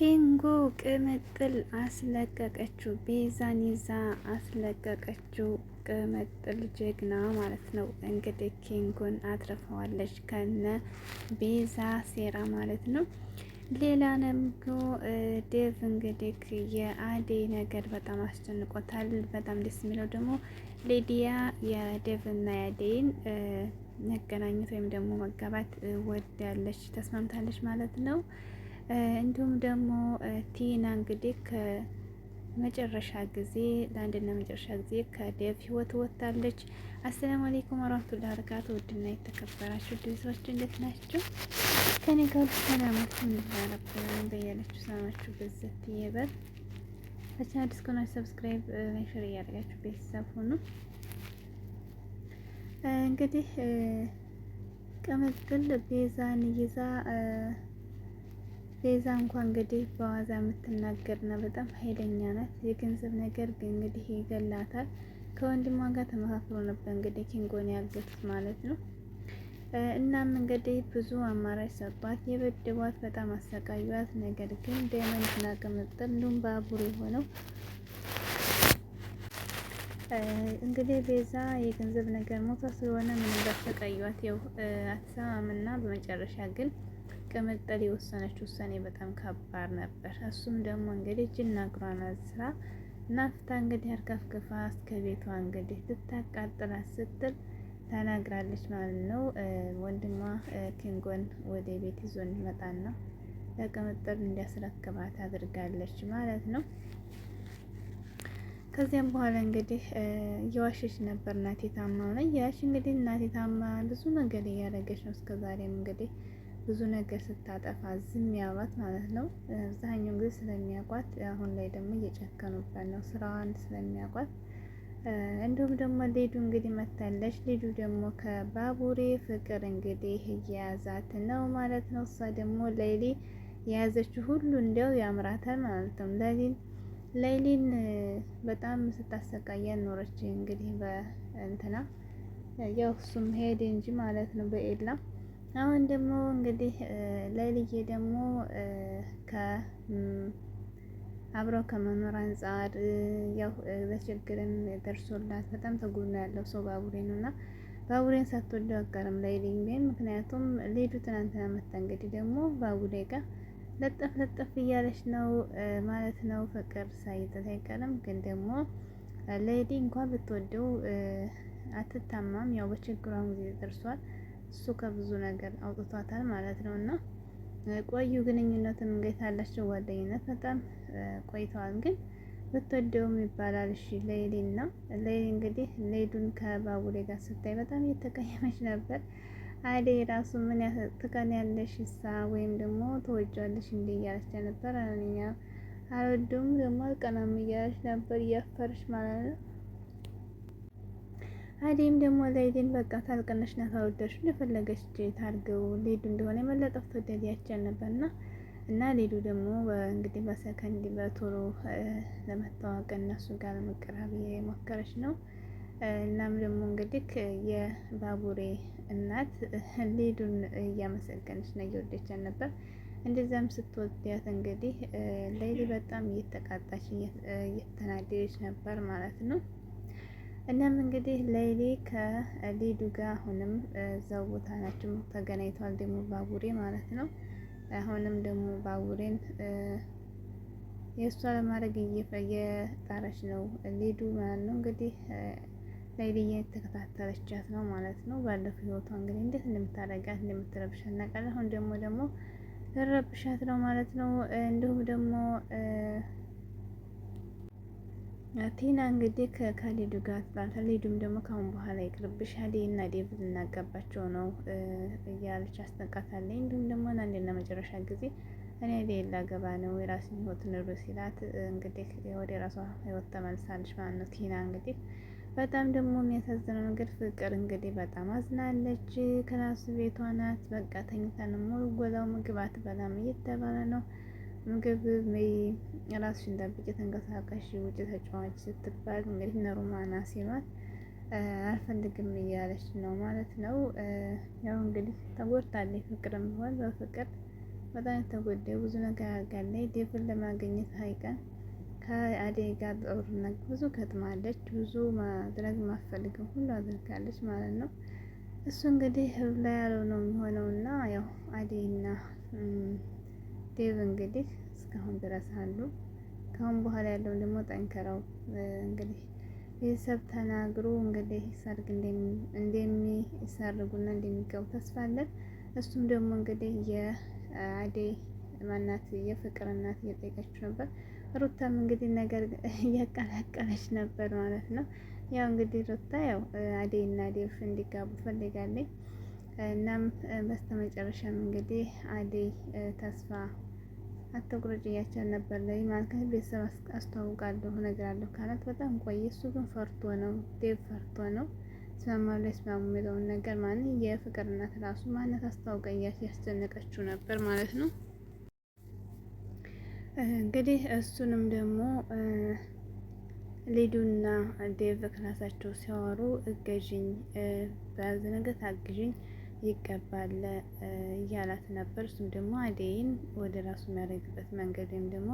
ኪንጉ ቅምጥል አስለቀቀችው። ቤዛን ይዛ አስለቀቀችው። ቅምጥል ጀግና ማለት ነው። እንግዲህ ኪንጉን አትርፈዋለች ከነ ቤዛ ሴራ ማለት ነው። ሌላ ነምጎ ዴቭ እንግዲህ የአዴ ነገር በጣም አስጨንቆታል። በጣም ደስ የሚለው ደግሞ ሊዲያ የዴቭና የአዴን መገናኘት ወይም ደግሞ መጋባት ወዳለች፣ ተስማምታለች ማለት ነው። እንዲሁም ደግሞ ቲና እንግዲህ ከመጨረሻ ጊዜ ለአንድና መጨረሻ ጊዜ ከደፍ ህይወት ወጥታለች። አሰላሙ አሌይኩም ወራህመቱላሂ ወበረካቱህ። ውድና የተከበራችሁ ድሪሶች እንዴት ናቸው? ከኔ ጋር ሰላማችሁ እንድታረብልን በያለችሁ ሰላማችሁ በዘት ይበል በቻናል ዲስኮና ሰብስክራይብ ሜንሽን እያደረጋችሁ ቤተሰብ ሁኑ። እንግዲህ ቅምጥል ቤዛን ይዛ ቤዛ እንኳን እንግዲህ በዋዛ የምትናገርና በጣም ኃይለኛ ናት። የገንዘብ ነገር እንግዲህ ይገላታል። ከወንድሟ ጋር ተመካክሮ ነበር እንግዲህ ኪንጎን ያገቱት ማለት ነው። እናም እንግዲህ ብዙ አማራጭ ሰጧት። የበድቧት በጣም አሰቃዩት። ነገር ግን ዳይመንድና ቅምጥል እንዲሁም ባቡር የሆነው እንግዲህ ቤዛ የገንዘብ ነገር ሞቷ ስለሆነ ምንም ባሰቃዩት ያው አትሰማምና በመጨረሻ ግን ለመቀመጠል የወሰነች ውሳኔ በጣም ከባድ ነበር። እሱም ደግሞ እንግዲህ እጅና እግሯን አስራ ናፍታ እንግዲህ አርጋፍ እስከ ቤቷ እንግዲህ ልታቃጥላት ስትል ተናግራለች ማለት ነው። ወንድሟ ኪንጎን ወደ ቤት ይዞ እንዲመጣና ለቅምጥል እንዲያስረክባት አድርጋለች ማለት ነው። ከዚያም በኋላ እንግዲህ እየዋሸች ነበር እናቴ ታማ ሆነ እያለች እንግዲህ እናቴ ታማ ብዙ ነገር እያደረገች ነው እስከዛሬም እንግዲህ ብዙ ነገር ስታጠፋ ዝም ያሏት ማለት ነው። አብዛኛውን ጊዜ ስለሚያውቋት አሁን ላይ ደግሞ እየጨከኑበት ነው ስራዋን ስለሚያውቋት። እንዲሁም ደግሞ ሌዱ እንግዲህ መታለች። ሌዱ ደግሞ ከባቡሬ ፍቅር እንግዲህ እየያዛት ነው ማለት ነው። እሷ ደግሞ ሌሊ የያዘችው ሁሉ እንዲያው ያምራታል ማለት ነው። ሌሊን በጣም ስታሰቃያ ኖረች እንግዲህ በእንትና ያው እሱም ሄድ እንጂ ማለት ነው በኤላ አሁን ደግሞ እንግዲህ ለልዬ ደግሞ አብረው ከመኖር አንጻር ያው በችግርም ደርሶላት በጣም ተጎድና ያለው ሰው ባቡሬ ነው እና ባቡሬን ሳትወደው አቀርም ላይ ልኝን ምክንያቱም ልሄዱ ትናንትና መታ እንግዲህ ደግሞ ባቡሬ ጋር ለጠፍ ለጠፍ እያለች ነው ማለት ነው። ፍቅር ሳይጠት አይቀርም። ግን ደግሞ ሌዲ እንኳን ብትወደው አትታማም። ያው በችግሯን ጊዜ ደርሷል። እሱ ከብዙ ነገር አውጥቷታል ማለት ነው። እና ቆዩ ግንኙነቱን እንዴት አላቸው? ጓደኝነት በጣም ቆይተዋል ግን ብትወደውም ይባላል። እሺ ሌሊ እና ሌሊ እንግዲህ ሌዱን ከባቡሌ ጋር ስታይ በጣም እየተቀየመች ነበር። አይዴ ራሱ ምን ትቀን ያለሽ እሳ ወይም ደግሞ ተወጇለሽ እንዴ እያለች ነበር። አሁንኛ አረዱም ደግሞ ቀናም እያለች ነበር፣ እያፈርሽ ማለት ነው። አዴም ደግሞ ዘይድን በቃ ታልቅነሽ ና ታወደሽ እንደፈለገች ታርገው ሊዱ እንደሆነ የመለጠፍ ተወዳጅ ያቸን ነበር ና እና ሊዱ ደግሞ እንግዲህ በሰከንድ በቶሎ ለመታወቅ እነሱ ጋር ለመቀራብ የሞከረች ነው። እናም ደግሞ እንግዲህ የባቡሬ እናት ሊዱን እያመሰገነች ነው፣ እየወደቻን ነበር። እንደዚያም ስትወዳት እንግዲህ ዘይድ በጣም እየተቃጣች እየተናደደች ነበር ማለት ነው። እናም እንግዲህ ሌሊ ከሊዱ ጋር አሁንም እዛው ቦታ ናቸው ተገናኝተዋል። ደግሞ ባቡሬ ማለት ነው። አሁንም ደግሞ ባቡሬን የእሷ ለማድረግ እየጣረች ነው ሊዱ ማለት ነው። እንግዲህ ሌሊዬ እየተከታተለቻት ነው ማለት ነው። ባለፈው ህይወቷ እንግዲህ እንዴት እንደምታደርጋት እንደምትረብሻት እናውቃለን። አሁን ደግሞ ደግሞ ልረብሻት ነው ማለት ነው። እንዲሁም ደግሞ ቲና እንግዲህ ከካሊዱ ጋር ትጣልታ ሊዱም ደግሞ ካሁን በኋላ ይቅርብሽ ሀዴ እና ዴቭ ልናጋባቸው ነው እያለች አስጠንቃታለች። እንዲሁም ደግሞ አንድና መጨረሻ ጊዜ እኔ ዴ ላገባ ነው የራስን ህይወት ኑሮ ሲላት እንግዲህ ወደ ራሷ ህይወት ተመልሳለች ማለት ነው። ቲና እንግዲህ በጣም ደግሞ የሚያሳዝነው ነገር ፍቅር እንግዲህ በጣም አዝናለች። ከራሱ ቤቷ ናት። በቃ ተኝተን ሙሉ ጎላው ምግብ አትበላም እየተባለ ነው ምግብ መይ ራስሽን ጠብቂ፣ ተንቀሳቃሽ ውጭ ተጫዋች ስትባል እንግዲህ ኑሩማን ሲሏት አልፈልግም እያለች ነው ማለት ነው። ያው እንግዲህ ተጎድታለች። ፍቅርም ቢሆን በፍቅር በጣም የተጎዳ ብዙ ነገር አድርጋለች። ዴቭን ለማግኘት ሀይቀን ከአዴ ጋር ጦርነት ብዙ ገጥማለች። ብዙ ማድረግ ማፈልግም ሁሉ አድርጋለች ማለት ነው። እሱ እንግዲህ ህብ ላይ ያለው ነው የሚሆነው እና ያው አዴና ዴቭ እንግዲህ እስካሁን ድረስ አሉ። ካሁን በኋላ ያለውን ደግሞ ጠንከረው እንግዲህ ቤተሰብ ተናግሮ እንግዲህ ሰርግ እንደሚሰርጉና እንደሚገቡ ተስፋ አለን። እሱም ደግሞ እንግዲህ የአዴ ማናት የፍቅር እናት እየጠየቀችው ነበር። ሩታም እንግዲህ ነገር እያቀላቀለች ነበር ማለት ነው። ያው እንግዲህ ሩታ ያው አዴ እና ዴቭ እንዲጋቡ ፈልጋለች። እናም በስተመጨረሻም እንግዲህ አዴ ተስፋ አትቁረጭ እያቻል ነበር። ለኢማን ቤተሰብ አስተዋውቃለሁ እነግራለሁ ካላት በጣም ቆየ። እሱ ግን ፈርቶ ነው ዴቭ ፈርቶ ነው ስማማሉ ስማሙ የሚለውን ነገር ማን የፍቅር እናት ራሱ ማነት አስታውቀኝ ያስጨነቀችው ነበር ማለት ነው። እንግዲህ እሱንም ደግሞ ሊዱና ዴቭ ክላሳቸው ሲያወሩ እገዥኝ በዚ ነገር ታግዥኝ ይገባል እያላት ነበር። እሱም ደግሞ አደይን ወደ ራሱ የሚያደርግበት መንገድ ወይም ደግሞ